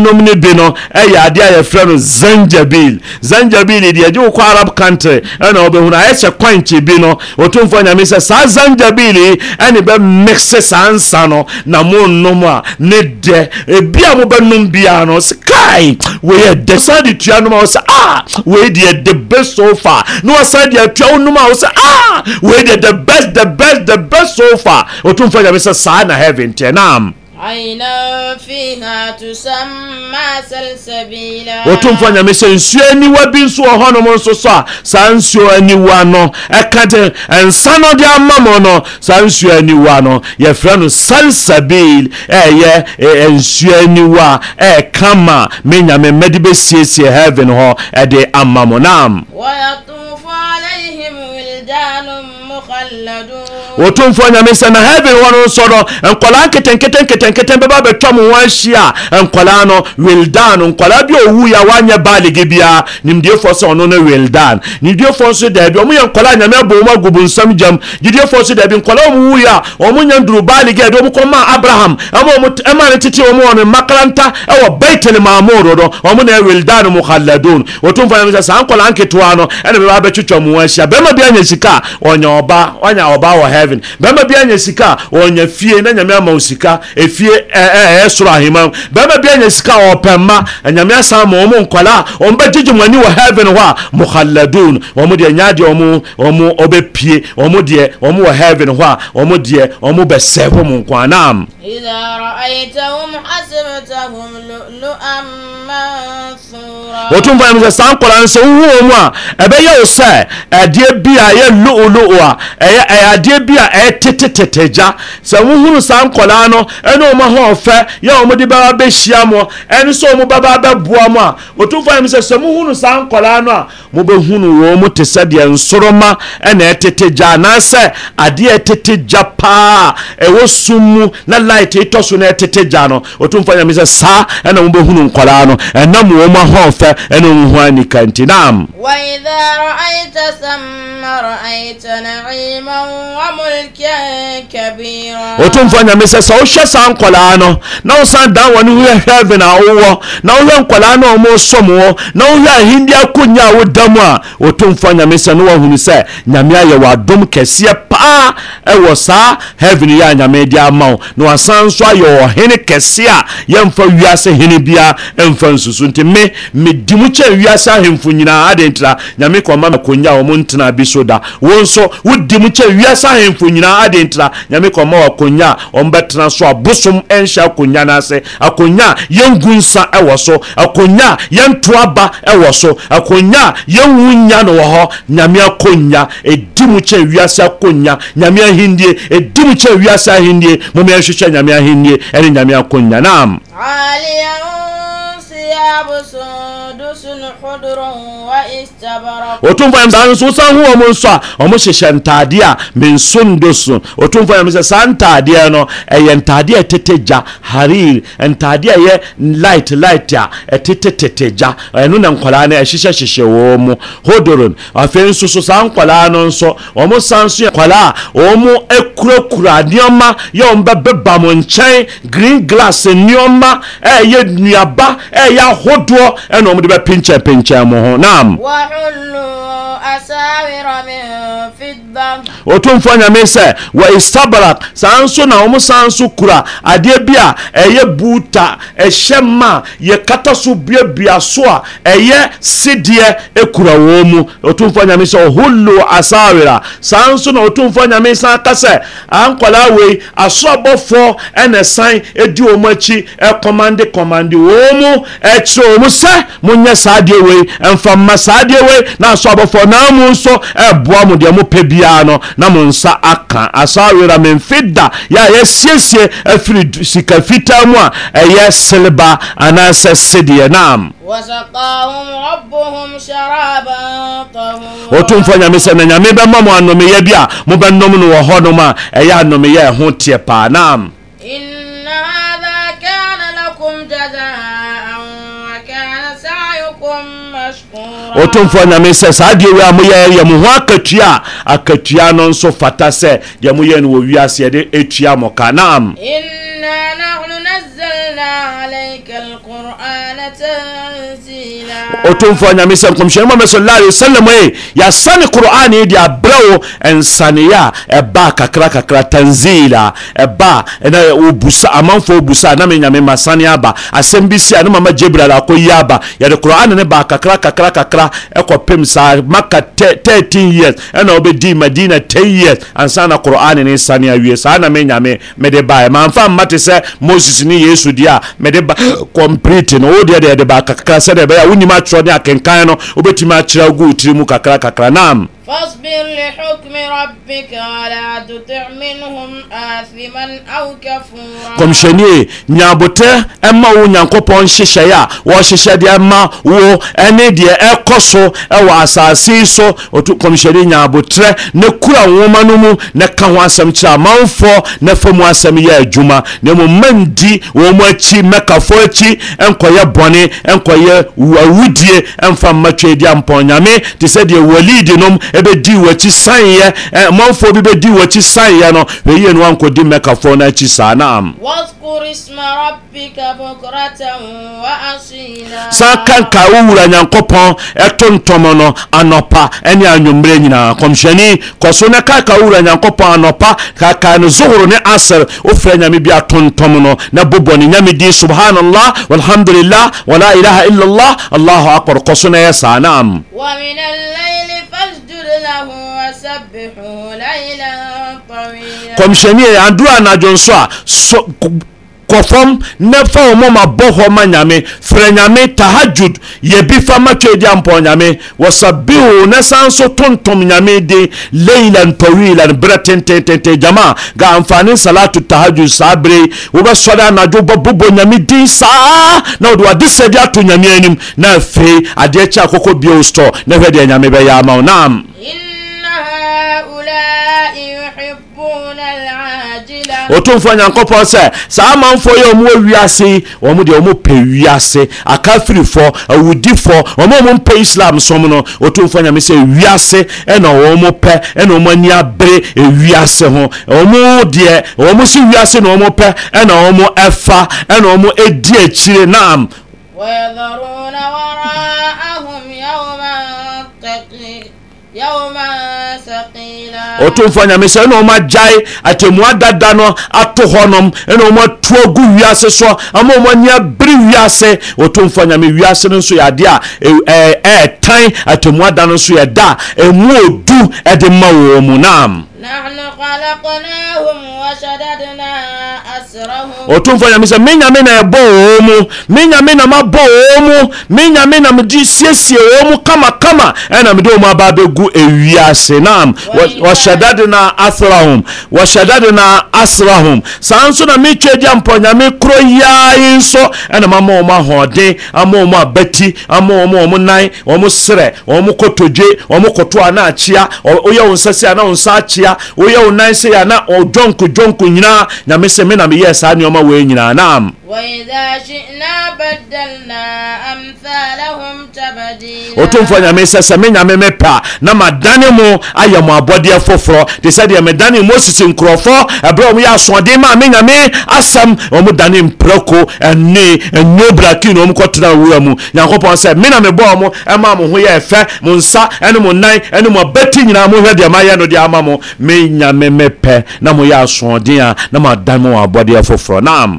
nom no bi no ɛyɛ ade a yɛfrɛ no zanjabil zanjabil deɛ gye wo kɔ arab country ɛna wobɛhunu ɛhyɛ kwankye bi no ɔtomfoɔ nyame sɛ saa zanjabil ɛne bɛmikse saa nsa no na monnom a ne dɛ ebi a mobɛnom biara no ɔsɛ kae wɔyɛ dɛ san de tua nom a ɔsɛ a ah, the best so far na wasan de atua wo nom a ɔsɛ a ah, wei deɛ the best the best the best so far ɔtumfa nyame sɛ saa na heaven teɛ naam wɔtomfo nyame sɛ nsuo aniwa bi nso wɔ hɔnom nso so a saa nsuo aniwa no ɛka de nsa no de ama mɔ no saa nsuo aniwa no yɛfrɛ no salsabil ɛyɛ nsuo aniwa a ɛka ma me nyame mɛde bɛsiesie heaven hɔ ɛde ama mɔ nam ɔtomfoɔ nyame sɛ na heaven hɔ no nso no nkɔlaa nketenketenketenketen bɛba bɛtwa mo ho ahyia a nkɔlaa no wildan nkɔlaa bi a ɔwuiɛ a woanyɛ baalege biara nimdiefoɔ sɛ ɔno no wildan nimdiefoɔ nso daabi ɔmo nkɔlaa nyame abɔ mu agu bonsam gyam gyidiefoɔ nso daabi nkɔlaa ɔmo wuiɛ a ɔmo nya nduru baalege a de ɔmo kɔmaa abraham ɛma ɛma ne tete ɔmo wɔ ne mmakaranta ɛwɔ baitel maamooro no ɔmo na wildan mukhalladun ɔtomfoɔ nyame sɛ saa nkɔlaa nketewa no ɛne bɛba bɛtwitwa mo ho ahyia bɛrima bi anya sika ɔnya ɔba ɔnya ɔba wɔ hɛ heaven bɛrima bi anya sika a ɔnya fie na nyame ama wo sika efie ɛɛ soro ahema bɛrima bi anya sika a ɔpɛ mma nyame asan ma wɔn nkwalaa wɔn bɛ gyegye wɔn ani wɔ heaven hɔ a muhalladun wɔn deɛ nyaadeɛ wɔn wɔn ɔbɛpie wɔn deɛ wɔn wɔ heaven hɔ a wɔn deɛ wɔn bɛ sɛ wɔn nkwanam. إذا رأيتهم حسبتهم لؤلؤا منثورا wɔtumfo ɛmu sɛ saa nkɔla nso wohu wɔn mu a ɛbɛyɛ wo sɛ ɛdeɛ bi a ɛyɛ lu'ulu'u a ɛyɛ adeɛ bi bi a ɛtetetete gya sɛ wohunu saa nkɔlaa no ɛne ɔmo ho ɔfɛ yɛ ɔmo de bɛba bɛhyia mo ɛne sɛ ɔmo bɛba bɛboa mo a ɔtumfo ayɛm sɛ sɛ mohunu saa nkɔlaa no a mobɛhunu wɔn mo te sɛ deɛ nsoroma ɛna ɛtete gya anaasɛ adeɛ ɛtete gya paa ɛwɔ sum mu na light ɛtɔ so na ɛtete gya no ɔtumfo ayɛm sɛ saa ɛna mobɛhunu nkɔlaa no ɛnam wɔn mo ho ɔfɛ ɛne ɔmo ho anika nti naam. وإذا رأيت ثم رأيت نعيما وملكا ɔtumfoɔ nyame sɛ sɛ wohwɛ saa nkɔlaa no na wosan dan wɔ no woyɛ heaven a wowɔ na wohwɛ nkɔlaa no ɔmo som wɔ na wohwɛ ahenni akonya a o mu a ɔtumfoɔ nyame sɛ ne wahunu sɛ nyame ayɛ w'adom kɛseɛ paa ɛwɔ saa heaven yi a nyame de ama wo na wasan nso ayɛ ɔhene kɛseɛ a yɛmfa wiase hene biara ɛmfa nsusu nti me medi mu kyɛn wiase ahemfo nyinaa adɛntira nyame kɔma makonya a ɔmo ntena bi so da wo nso wodi mu kyɛn wiase ahemfo ahemfo nyinaa ade ntena nyame kɔma wɔ akonya a ɔmbɛtena so a bosom ɛnhyɛ akonya no ase akonya a yɛngu nsa ɛwɔ so akonya a yɛntoa ba ɛwɔ so akonya a yɛnwu nya no wɔ hɔ nyame akonya ɛdi mu kyɛ wiase akonya nyame ahindie ɛdi mu kyɛ wiase ahindie momɛ nhwehwɛ nyame ahindie ɛne nyame akonya naam عاليا ثياب سندس خضر ɔtumfo yam saa nso san ho ɔmo nso a ɔmo hyehyɛ ntaadeɛ a me nso ndo so ɔtumfo yam sɛ saa ntaadeɛ no ɛyɛ ntaadeɛ a ɛtete gya harir ntaadeɛ a ɛyɛ light light a ɛtete tete gya ɛno na nkwadaa no ɛhyehyɛ hyehyɛ wɔn mu hodoron afei nso so saa nkwadaa no nso ɔmo san so yɛ nkwadaa a ɔmo ekurakura nneɛma yɛ ɔmo bɛbɛba mo nkyɛn green glass nneɛma ɛyɛ nnuaba ɛyɛ ahodoɔ ɛna ɔmo de bɛpinkyɛn pinkyɛn mo ho naa naam. wàhùlù asáwìrọ̀ otumfo nyame sɛ wɔ istabarak saa nso na wɔn san so kura adeɛ bi a ɛyɛ buuta ɛhyɛ mma yɛkata so biabia so a ɛyɛ sideɛ ekura wɔn mu otumfo nyame sɛ ɔhulu asáwìrà saa nso na otumfo nyame san kasɛ ankɔla wei asorɔbɔfoɔ ɛna san edi wɔn akyi ɛkɔmande kɔmande wɔn mu ɛkyerɛ wɔn sɛ mo nyɛ saa adeɛ wei ɛnfa mma ama saa deɛ wei na asɔ abɔfoɔ na mu nso ɛboa mo deɛ mopɛ biara no na mo nsa aka asa awera memfe da yɛ a yɛsiesie afiri sika fitaa mu a ɛyɛ sileba anaasɛ sedeɛ naam ɔtomfoɔ nyame sɛ na nyame bɛma mo anomeyɛ bi a mobɛnom no wɔ hɔnom a ɛyɛ anomeyɛ ɛho teɛ paa naam ɔtomfoɔ nyame sɛ saa deɛ wei a moyɛ yɛ mo ho akatua a akatua no nso fata sɛ deɛ moyɛ no wɔ wiase yɛde ɛtua mɔ ka naam ɔtomfoɔ nyame sɛ nkɔmhyɛne mɔmɛ sallallahu alaihi wasallam e eh, yɛasane qur'an yi de abrɛ wo nsaneɛ a ɛba eh, kakra kakra tanzil ɛba eh, ɛna wɔbusa amanfoɔ wɔbusa na me nyame ma sane aba asɛm bi si a ne mama jibril akɔyi aba yɛde qur'an ne ba kakra kakra kakra ɛkɔpem saa maka 13 years ɛna wobɛdii madina 10 years ansa na qur'an ne sane awie saa na me nyame mede baɛ mamfa mma te sɛ moses ne yesu deɛ a mede ba complete no wo deɛ deɛ de ba kakra sɛdeɛ ɛbɛyɛ a wonim atwe so ɔde akenkan no wobɛtumi akyerɛ wo wo tiri mu kakra kakra nam فاصبر لحكم ربك ولا تطع منهم آثما أو كفورا كمشني نيابوتة أما wo nyankopɔn nhyehyɛe a wɔhyehyɛ deɛ ma wo ne deɛ ɛkɔ so wɔ asase yi so kɔmhyɛne nyaabotrɛ ne kura nwoma no mu na ka ho asɛm kyerɛ amanfoɔ na fa mu asɛm yɛ adwuma na mmom mandi wɔn mu akyi mɛkafoɔ akyi nkɔyɛ bɔne nkɔyɛ awudie ɛmfa mmatwa adi ampɔn nyame te sɛ deɛ wɔliidinom ɛbɛdi w'akyi saneɛ ɔmanfoɔ bi bɛdi w'akyi saneɛ no hwɛyie no wankɔdi mmɛkafoɔ no akyi saa naam saa kanka wo nyankopɔn ɛto ntɔmɔ no anɔpa ɛne anwummerɛ nyinaa kɔmhyɛni kɔ na kaka wo wura nyankopɔn anɔpa kaka no zohoro ne asr wofrɛ nyame bi ato ntɔm no na bobɔne nyame di subhanallah walhamdulillah wala ilaha illallah allahu akbar kɔ so na ɛyɛ saa naam ومن الليل فاسجد kɔmhyɛni yɛ adoa anadwo nso a kɔ fam na fa wɔn ma bɔ hɔ ma nyame frɛ nyame tahajud yɛ bi fa ma twɛ di ampɔ nyame wɔsabihu na san so tontom nyame de leila ntɔwila brɛ tentententen jama ga amfani salatu tahajud saa bere wɔbɛsɔre anadwo bɔ bobɔ nyame din saa na wɔde wade sɛde ato nyame anim na afei adeɛ kyɛ akɔkɔ bio stɔ na hwɛ deɛ nyame bɛyɛ ama wo naam. Yeah. ɔtomfoɔ nyankopɔn sɛ saa amanfoɔ yɛ ɔmo wiase yi wɔn deɛ ɔmo pɛ wiase akafirifoɔ awudifɔ ɔmo ɔmo mpɛ islam som no ɔtomfoɔ nyame sɛ wiase ɛna wɔn pɛ ɛna wɔn ani abere wiase ho wɔn deɛ wɔn si wiase na wɔn pɛ ɛna wɔn ɛfa ɛna wɔn edi akyire naam. ويذرون وراءهم يوما ثقيلا يوما ثقيلا ɔtomfoɔ nyame sɛ ɛna ɔma gyae atemmua dada no ato hɔnom ɛna ɔma tuo gu wiase so ama ɔma ani abere wiase ɔtomfoɔ nyame wiase no nso yɛ adeɛ a ɛɛtan e, e, e, atemmua da no nso yɛ da a ɛmu odu ɛde ma wɔ mu naam ɔtumfoɔ nyame sɛ me nyame na ɛbɔ e wɔ mu me nyame na mabɔ wɔ mu me nyame na mede siesie wɔ mu kamakama ɛna e mede wɔ mu aba bɛgu ewiase nam wɔhyɛdadena asrahum wɔhyɛdadena asrahum saa nso na metwa di ampɔ nyame korɔ yiaa yi nso ɛna e mama wɔn ahoɔden ama wɔn abati ama wɔn wɔn nan wɔn serɛ wɔn kotodwe wɔn kotoa na akyea ɔyɛ wɔn nsa si a na wɔn nsa akyea ya woyɛ wo nan se ya na ɔdwonko dwonko nyinaa nyame sɛ me na meyɛɛ saa nneɔma wei nyinaa naam ɔtomfoɔ nyame sɛ sɛ me nyame me pa na madane mo ayɛ mo abɔdeɛ foforɔ te sɛ deɛ medane moses nkurɔfoɔ ɛberɛ ɔm yɛ asoɔden ma me nyame asɛm ɔm dane mprako ɛne ɛnobrakino ɔm kɔtena wura mu nyankopɔn sɛ me na mebɔɔ mo ɛma mo ho yɛ ɛfɛ mo nsa ɛne mo nan ɛne mo abati nyinaa mohwɛ deɛ mayɛ no deɛ ama mo Me menyame mepɛ na moyɛ asoɔden a na moadan mu wɔ abɔdeɛ foforɔ nam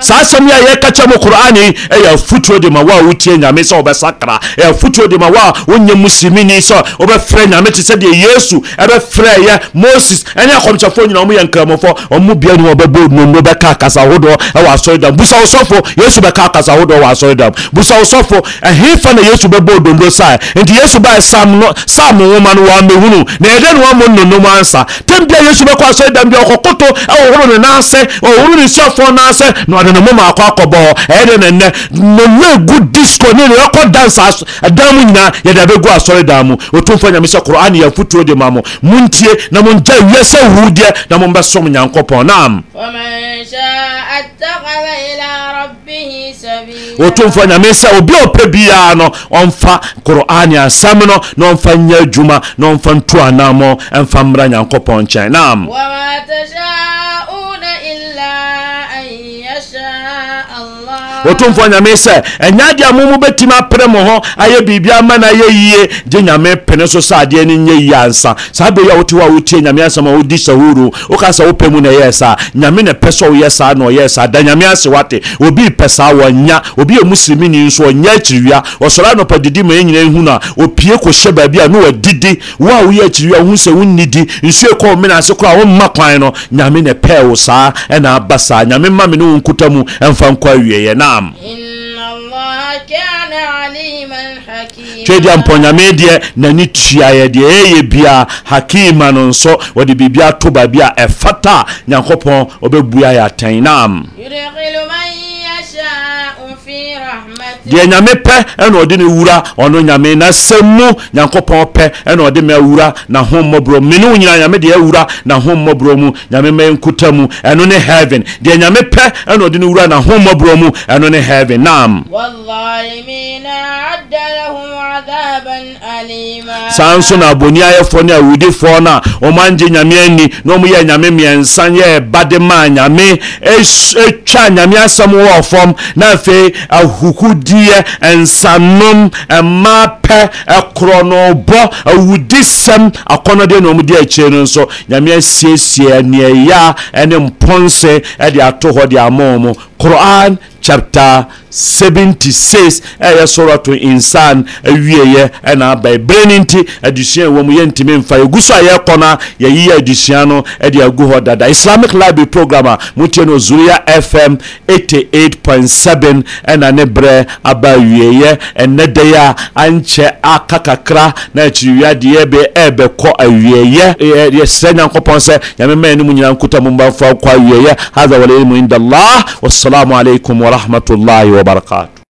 saa asɛm yi a yɛka kyɛ mu qur'ane ɛyɛ afotuo de ma wo a wotie nyame sɛ wobɛsakra ɛyɛ afotuo de ma wo a wonyɛ musimini sɛ wobɛfrɛ nyame te sɛdeɛ yesu ɛbɛfrɛ yɛ moses ɛne akɔmkyɛfoɔ nyina ɔmo yɛ nkramɔfoɔ ɔmo bia ne wɔbɛbɔ nomno bɛka akasa ahodoɔ ɛwɔ asɔredam busa wo sɔfo yesu bɛka akasa ahodoɔ wɔ asɔredam busa wo sɔfo ɛhefa na yesu bɛbɔ odomdo sae nti yesu baɛ sam no sam nwoma no wɔamɛhunu na ɛdɛ ne wɔmo nnonom ansa tam bia yesu bɛkɔ asɔredam bia ɔkɔkoto ɛwɔhoro ne nansɛ ɔhoro ne suafoɔ nansɛ na ɔde no mo maakɔ akɔbɔ ɛyɛ de nɛnɛ nana egu disco ne deɛ ɔkɔ dance dan mu nyinaa yɛde abɛgu asɔre dan mu otumfo nyame sɛ korɔ ani yɛfutuo de ma mo montie na mongya wiɛ sɛ wurudeɛ na mombɛsom nyankopɔn naam otumfo nyame sɛ obi a ɔpɛ biara no ɔmfa korɔane asɛm no na ɔmfa nyɛ adwuma na ɔmfa ntu anammɔ ɛmfa mmra nyankopɔn nkyɛn naam wɔtomfoɔ nyame sɛ ɛnyɛ adeɛ a momu bɛtumi apene mo ho ayɛ biribia ma no ayɛ yie gye nyame pene so sɛ adeɛ no nyɛ yie ansa saa bɛyi a wote hɔ a wotie nyame asɛm a wodi sahuro woka sɛ wopɛ mu na ɛyɛɛ saa nyame ne pɛ sɛ woyɛ saa na ɔyɛɛ saa da nyame ase wate obi pɛ saa wɔnya obi yɛ muslimini nso ɔnyɛ akyiriwia ɔsɔre anɔpa didi ma ɛnyina hu no a ɔpie kɔhyɛ baabi a ne wadidi wo a woyɛ akyiriwia wohu sɛ wonnidi nsuo kɔ mena ase koraa womma kwan no nyame ne pɛɛ wo saa ɛna aba saa nyame ma me ne wo nkuta mu ɛmfa nkɔ awieɛ na nam twɛdeɛ mpɔnyame deɛ n'ani tuaeɛ deɛ ɛyɛ bia hakima no nso wɔde biribia to baabi a ɛfata e nyankopɔn ɔbɛbua yɛ atɛn naam deɛ nyame pɛ ɛna ɔde ne wura ɔno nyame na sɛm mu nyankopɔn pɛ ɛna ɔde ma awura na ho mmɔborɔ mu mene wo nyina nyame deɛ awura na ho mmɔborɔ mu nyame ma nkuta mu ɛno ne heaven deɛ nyame pɛ ɛna ɔde ne wura na ho mmɔborɔ mu ɛno ne heaven nam saa nso na aboni ayɛfoɔ ne awudifoɔ no a ɔmangye nyame ani na ɔmoyɛ nyame mmiɛnsa yɛ ɛba de maa nyame ɛtwa nyame asɛm wɔ fam na afei ahuhudeɛ nsanom mmaa pɛ korɔnobɔ awudisɛm akɔnɔdeɛ na ɔmde akyire no nso nyame asiesie neɛyɛ ne mpɔnse de ato hɔ de ama mu quran chapter 76 ɛyɛ sorato insan awieɛ ɛna aba berɛ no nti adusua wɔ mu yɛntumi mfa yɛgu so a yɛkɔ no a yɛyiyi adusua no de agu hɔ dada islamic library program a motie no zuria fm 88.7 ɛna ne berɛ aba awieɛ ɛnɛ dɛi a ankyɛ aka kakra na akyiriwiadeɛ bi ɛbɛkɔ awieɛ yɛsrɛ nyankopɔn sɛ nyame ma no mu nyina nkuta mu mbamfa kɔ awieɛ hadha walilmu indallah wassalamu alaikum warahmatullahi وبركاته